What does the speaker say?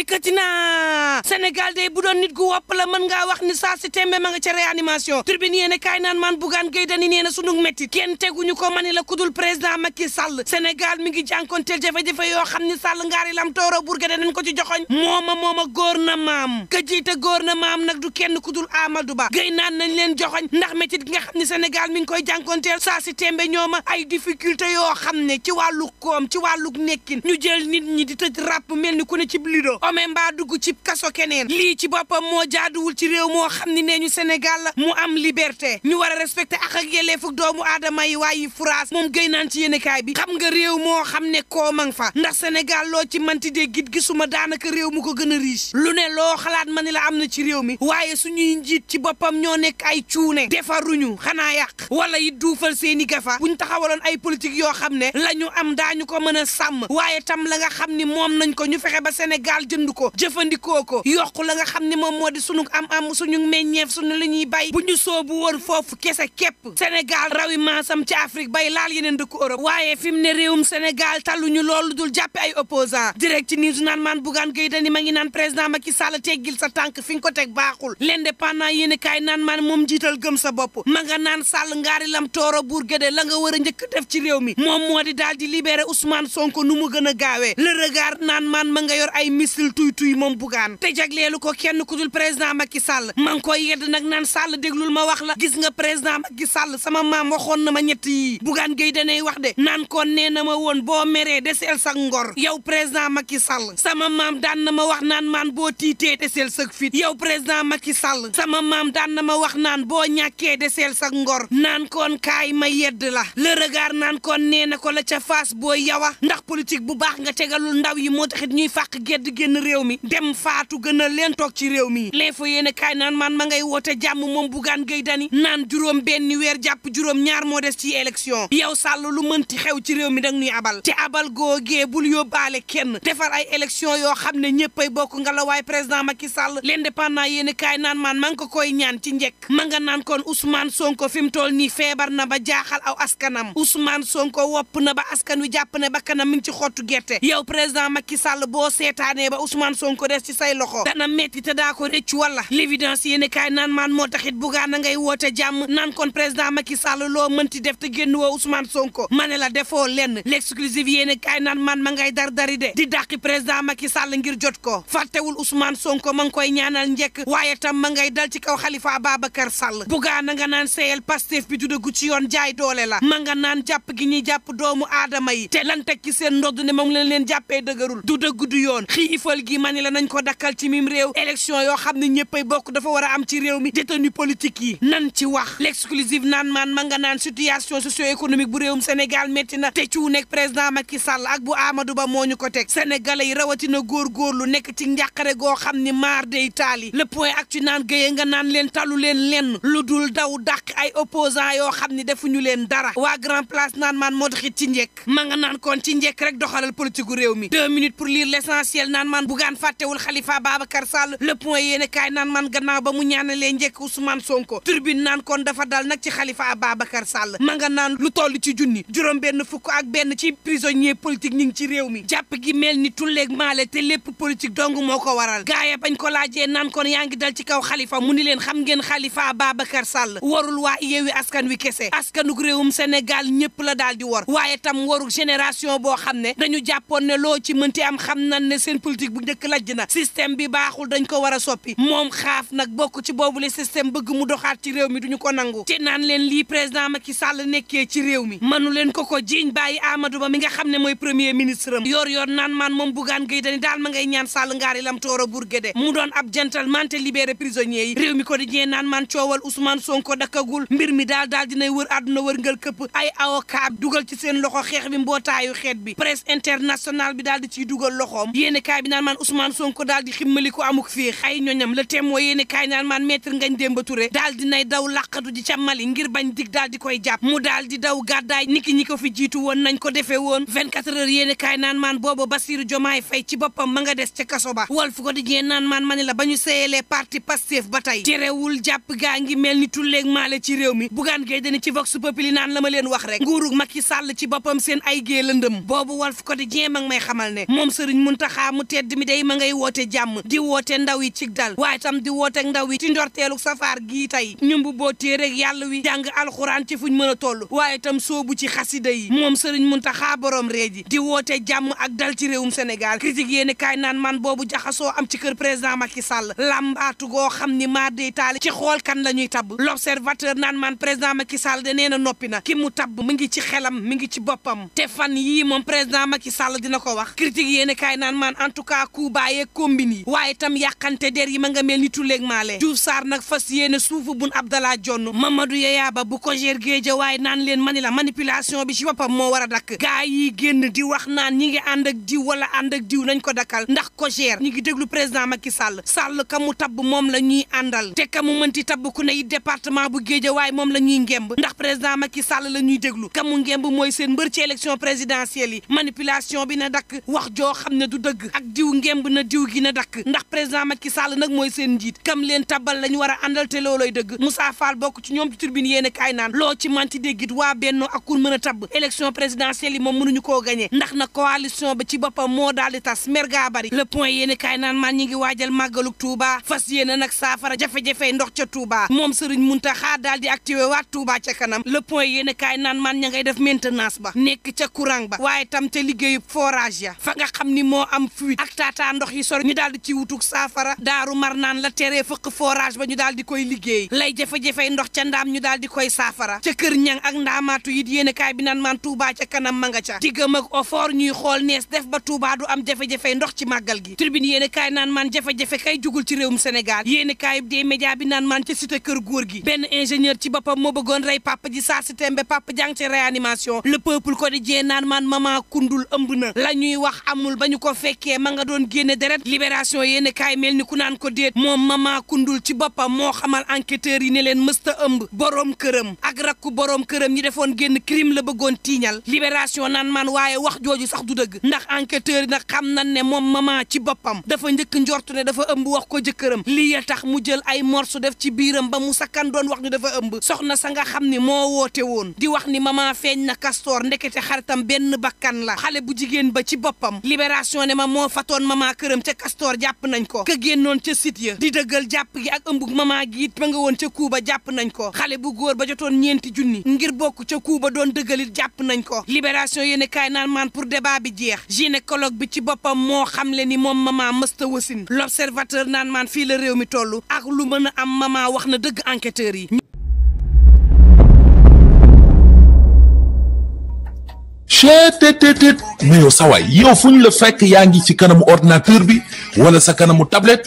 dikkati naa Sénégal de bu doon nit gu wopp la mën ngaa wax ni saa si tembe ma nga ca réanimation turbine ne kaay naan man bugaan gay dani nee na sunu métti kenn teguñu ko man mani la kudul président Macky Sall senegal mi ngi jànkonteel jafe-jafe yoo xam ni Sall ngaari lam tooro burge danañ ko ci joxoñ mooma mooma góor na maam ka jiite góor na maam nag du kenn kudul du Ba gay naan nañ leen joxoñ ndax métti gi nga xam ni Sénégal mi ngi koy jànkonteel saa si tembe ñooma ay difficulté yoo xam ne ci wàllu koom ci wàllu nekkin ñu jël nit ñi di tëj ràpp mel ni ku ne ci Lomé mbaa dugg ci kaso keneen lii ci boppam moo jaaduwul ci réew moo xam ni nee ñu Sénégal mu am liberte ñu war a respecté ak ak yelleefug doomu aadama yi waaye furaas moom géy naan ci yéenekaay bi xam nga réew moo xam ne koo mang fa ndax Sénégal loo ci manti dee git gisuma daanaka réew mu ko gën a riche lu ne loo xalaat ma ni la am na ci réew mi waaye suñuy njiit ci boppam ñoo nekk ay cuune defaruñu xanaa yàq wala yi duufal seeni gafa buñ taxawaloon ay politique yoo xam ne la ñu am daañu ko mën a sàmm waaye tam la nga xam ni moom nañ ko ñu fexe ba Sénégal jënd ko jëfandikoo ko yokk la nga xam ne moom moo di sunu am-am suñu meññeef suñu li ñuy bay bu ñu soobu woon foofu kese képp Sénégal rawi maasam ci Afrique bay laal yeneen dëkku Europe waaye fi mu ne réewum Sénégal ñu lool dul jàppe ay opposant direct nii su naan maan Bougane Gueye Dany ma ngi naan président Macky Sall teggil sa tànk fi nga ko teg baaxul l'indépendant yéen kaay naan maan moom jiital gëm sa bopp ma nga naan Sall ngaari lam tooro buur géde la nga war a njëkk def ci réew mi moom moo di daal di libérer Ousmane Sonko nu mu gën a gaawee le regard naan maan ma nga yor ay mis fil tuy tuy moom bugaan te jagleelu ko kenn ku dul président Sall maa ngi yedd nag naan Sall déglul ma wax la gis nga président Macky Sall sama maam waxoon na ma ñett yi bugaan géy danay wax de naan ko nee na ma woon boo meree deseel sa ngor yow président Macky Sall sama maam daan na ma wax naan maan boo tiitee deseel sa fit yow président makki Sall sama maam daan na ma wax naan boo ñàkkee deseel sa ngor naan koon kaay ma yedd la le naan ko génn réew mi dem faatu gën a leen toog ci réew mi l'info yéene kaay naan man ma ngay woote jàmm moom Bougane Gueye dani naan juróom benn weer jàpp juróom ñaar moo des ci élection yow sàll lu mënti xew ci réew mi dang ñuy abal ci abal googee bul yóbbaale kenn defar ay élection yoo xam ne ñëppay bokk nga la waaye président Macky Sall l'indépendant yéene kaay naan man ma nga ko koy ñaan ci njëkk manga nga naan kon Ousmane Sonko fi mu toll nii feebar na ba jaaxal aw askanam Ousmane Sonko wopp na ba askan jàpp ne bakkanam mi ngi ci xottu gerte yow président Macky Sall boo seetaanee ba Ousmane Sonko des ci say loxo dana metti te daa ko rëcc wala l'évidence yéen kaay naan maan moo taxit bugaan na woote jàmm naan kon président Macky Sall loo mënti def te génn woo Ousmane Sonko ma ne la defoo lenn l'exclusive yéen kaay naan maan ma ngay dar dari de di dàqi président Macky Sall ngir jot ko fàttewul Ousmane Sonko ma ngi koy ñaanal njëkk waaye tam ma ngay dal ci kaw Khalifa Ababacar Sall bugaan na nga naan seyel Pastef bi duddagu ci yoon jaay doole la ma nga naan jàpp gi ñuy jàpp doomu aadama yi te lan teg ci seen ndodd ne moom leen leen jàppee dëgërul du dëgg xiifal gi ma ni la nañ ko dakkal ci mim réew élection yoo xam ne ñëppay bokk dafa war a am ci réew mi détenu politique yi nan ci wax l'exclusive naan maan ma nga naan situation socio-économique bu réewum Sénégal métti na te ci wu nekk président Macky Sall ak bu Amadou Ba moo ñu ko teg sénégalais nekk ci njàqare goo xam ni maar day taali le point ak ci naan géyee nga naan leen talu leen lenn lu dul daw dàq ay opposant yoo xam ni defuñu leen dara waa grand place naan maan moo ci njekk ma nga naan kon ci njekk rek doxalal politique gu réew mi deux minutes pour lire l'essentiel naan maan Ousmane Bougane fàttewul Khalifa Babacar Sall le point yéen kaay ba mu ñaanalee njëkk ma nga naan lu toll ci junni juróom benn fukk ak benn ci ci réew mi jàpp gi mel ni tulleeg maale te lépp politique dong moo ko waral gaaya bañ ko mu ni leen xam ngeen Khalifa Babacar Sall warul waa yeewi askan wi kese askanuk réewum Sénégal ñëpp la daal di war waaye tam waru génération boo xam ne dañu jàppoon ne loo ci mënti am xam nan ne seen politique Afrique bu njëkk lajj na système bi baaxul dañ ko war a soppi moom xaaf nag bokk ci boobu le système bëgg mu doxaat ci réew mi duñu ko nangu te naan leen lii président ki Sall nekkee ci réew mi manu leen ko ko jiiñ bàyyi Amadou Ba mi nga xam ne mooy premier ministre am yor yor naan maan moom Bougane Gueye Dany daal ma ngay ñaan Sall ngaari lam tooro Bourguédé mu doon ab gentleman te libéré prisonniers yi réew mi ko di ñee naan maan coowal Ousmane Sonko dakkagul mbir mi daal daal dinay wër àdduna wërngal këpp ay avocat dugal ci seen loxo xeex bi mbootaayu xeet bi presse internationale bi daal di ciy dugal loxoom naan maan Ousmane Sonko daal di ximmaliko amuk fii ay ñoñam le témoin yéene kaay naan maan maître Ngagne Demba Touré di nay daw laqatu ji ca ngir bañ dig daal di koy jàpp mu daal di daw gàddaay niki ñi ko fi jiitu woon nañ ko defee woon 24 heures yéene kaay naan maan boobo Bassirou Diomaye Faye ci boppam ma nga des ca kaso ba wal fu ko di jee naan maan ma la ba ñu seeyalee parti Pastef ba tey terewul jàpp gaa ngi mel ni tulleeg maale ci réew mi bugaan gay dani ci vox populi naan la ma leen wax rek nguurug Macky Sall ci boppam seen ay gée lëndëm boobu wal fu ko di jee mag may xamal ne mbedd mi day ma ngay woote jàmm di woote ndaw yi ci dal waaye tam di woote ndaw yi ci ndorteelu safaar gii tey ñum bu boo téere ak yàlla wi jàng alxuraan ci fuñ mën a toll waaye tam soobu ci xasida yi moom sëriñ Muntaxa borom réeji di woote jàmm ak dal ci réewum Sénégal critique yéeni kaay naan man boobu jaxasoo am ci kër président Macky Sall lambaatu goo xam ni maa dey taali ci xool kan la ñuy tabb l'observateur naan man président Macky Sall de nee na noppi na ki mu tabb mi ngi ci xelam mi ngi ci boppam te fan yii dina ko wax critique yéeni kaay naan man en cas Kouba yeeg combine yi waaye tam yàqante der yi ma nga mel ni tuleeg maale Diouf Sarr nag fas yéene suufu bun Abdallah Jonn Mamadou Yayaaba bu ko gère géeja waaye naan leen mani la bi ci boppam moo war a dakk gaa génn di wax naan ñi ngi ànd ak diw wala ànd ak diw nañ ko dakkal ndax ko gère ñi ngi déglu président Macky Sall Sall ka mu tabb moom la ñuy àndal te ka mu mënti tabb ku ne yi département bu géeja waaye moom la ñuy ngemb ndax président Macky Sall la ñuy déglu ka mu mooy seen mbër ci élection présidentielle yi manipulation bi na dakk wax joo diw ngemb na diw gi na dakk ndax président Macky Sall nag mooy seen njiit kam leen tabal lañu war a àndal te looloy dëgg Moussa Fall bokk ci ñoom ci turbine yéen a kaay naan loo ci manti déggit waa Benno ak kur mën a tabb élection présidentielle yi moom mënuñu koo gañee ndax na coalition ba ci boppam moo daal di tas mer gaa bari le point yéen a kaay naan man ñi ngi waajal màggaluk Touba fas yéen nag saafara jafe-jafe ndox ca Touba moom Serigne Mountakha daal di activé naan man ña ngay def maintenance ba nekk ca courant ba waaye tam ca liggéeyu forage ya fa nga ak taataa ndox yi sori ñu daal di ci wutug saafara daaru mar naan la teree fëkk forage ba ñu daal di koy liggéey lay jafe-jafey ndox ca ndaam ñu daal di koy saafara ca kër ñang ak ndaamaatu yit yéen kaay bi naan maan Touba ca kanam ma nga ca diggam ak ofoor ñuy xool nees def ba Touba du am jafe-jafey ndox ci màggal gi tribune yéen kaay naan maan jafe-jafe kay jugul ci réewum Sénégal yéen kaay des média bi naan maan ca cité kër góor gi benn ingénieur ci boppam moo bëggoon rey papa ji saa si tembe papa jàng ci réanimation le peuple quotidien naan maan maman kundul ëmb na la ñuy wax amul ba ñu ko fekkee ma nga doon génne deret libération yéen mel ni ku naan ko déet moom mama kundul ci boppam moo xamal enquêteurs yi ne leen mësta ëmb boroom këram ak rakku boroom këram ñi defoon génn crime la bëggoon tiiñal libération naan man waaye wax jooju sax du dëgg ndax enquêteurs yi ndax xam nañ ne moom mama ci boppam dafa njëkk njortu ne dafa ëmb wax ko jëkkëram lii ya tax mu jël ay morceau def ci biiram ba mu sakkan doon wax ni dafa ëmb soxna sa nga xam ni moo woote woon di wax ni mama feeñ na kastoor ndekete xaritam benn bakkan la xale bu jigéen ba ci boppam libération ne moo fat faatoon mama këram ca Castor jàpp nañ ko ka génnoon ca site ya di dëggal jàpp gi ak ëmbug mama gi it ma nga woon ca Kuuba jàpp nañ ko xale bu góor ba jotoon ñeenti junni ngir bokk ca Kuuba doon dëggalit jàpp nañ ko libération yéen kaay naan maan pour débat bi jeex gynécologue bi ci boppam moo xamle ni moom mama mësta wasin l'observateur naan maan fii la réew mi toll ak lu mën a am mama wax na dëgg enquêteurs yi cheetetetet mais yow sa waay yow fu ñu la fekk yaa ngi ci kanamu ordinateur bi wala sa kanamu tablette